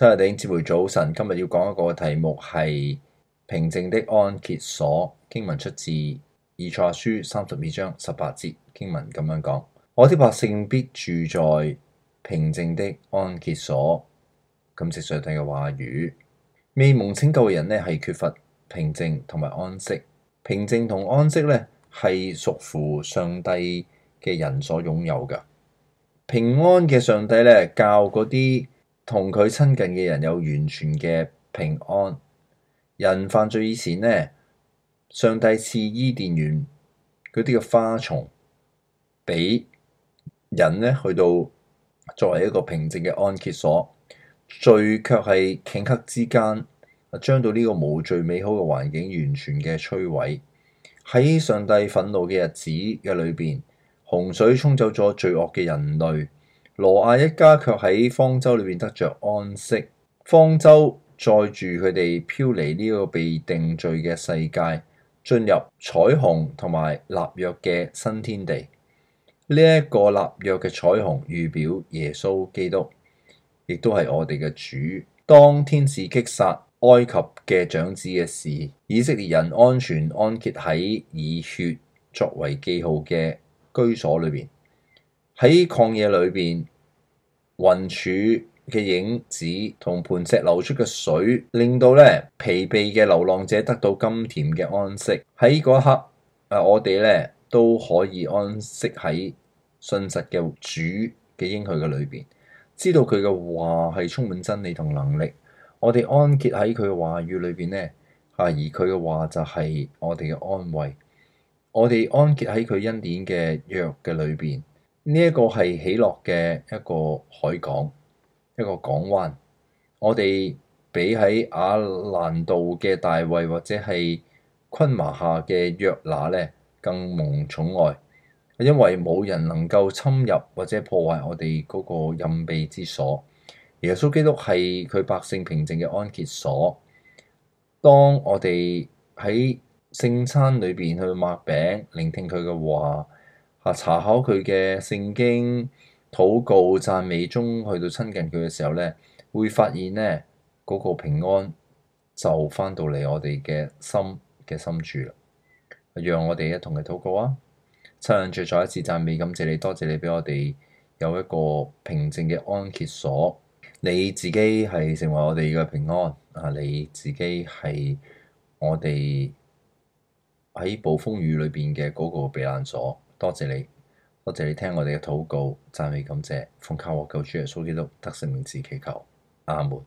真係頂接回早晨，今日要講一個題目係平靜的安歇所。經文出自以賽亞書三十二章十八節，經文咁樣講：我的百姓必住在平靜的安歇所。咁上帝嘅話語，未蒙拯救嘅人呢係缺乏平靜同埋安息。平靜同安息呢，係屬乎上帝嘅人所擁有嘅平安嘅上帝呢，教嗰啲。同佢親近嘅人有完全嘅平安。人犯罪以前呢，上帝賜伊甸園嗰啲嘅花叢俾人呢，去到作為一個平靜嘅安歇所。罪卻係頃刻之間，將到呢個無罪美好嘅環境完全嘅摧毀。喺上帝憤怒嘅日子嘅裏邊，洪水沖走咗罪惡嘅人類。挪亞一家卻喺方舟裏面得着安息。方舟載住佢哋飄離呢個被定罪嘅世界，進入彩虹同埋立約嘅新天地。呢、這、一個立約嘅彩虹預表耶穌基督，亦都係我哋嘅主。當天使擊殺埃及嘅長子嘅時，以色列人安全安歇喺以血作為記號嘅居所裏邊。喺曠野裏邊。雲柱嘅影子同磐石流出嘅水，令到咧疲憊嘅流浪者得到甘甜嘅安息。喺嗰一刻，啊，我哋咧都可以安息喺信實嘅主嘅應許嘅裏邊，知道佢嘅話係充滿真理同能力。我哋安歇喺佢嘅話語裏邊咧，啊，而佢嘅話就係我哋嘅安慰。我哋安歇喺佢恩典嘅約嘅裏邊。呢一個係喜樂嘅一個海港，一個港灣。我哋比喺亞杜蘭嘅大衛或者係菎麻下嘅約拿呢，更蒙寵愛，因為冇人能夠侵入或者破壞我哋嗰個隱秘之所。耶穌基督係佢百姓平靜嘅安歇所。當我哋喺聖餐裏邊去擘餅，聆聽佢嘅話。查考佢嘅聖經、禱告、讚美中，去到親近佢嘅時候呢，會發現呢嗰、那個平安就返到嚟我哋嘅心嘅深處啦。讓我哋一同嚟禱告啊！親近住，再一次讚美感謝你，多謝你俾我哋有一個平靜嘅安歇所。你自己係成為我哋嘅平安啊！你自己係我哋喺暴風雨裏邊嘅嗰個避難所。多謝你，多謝你聽我哋嘅禱告，讚美感謝，奉靠我救主耶穌基督得勝名字祈求，阿門。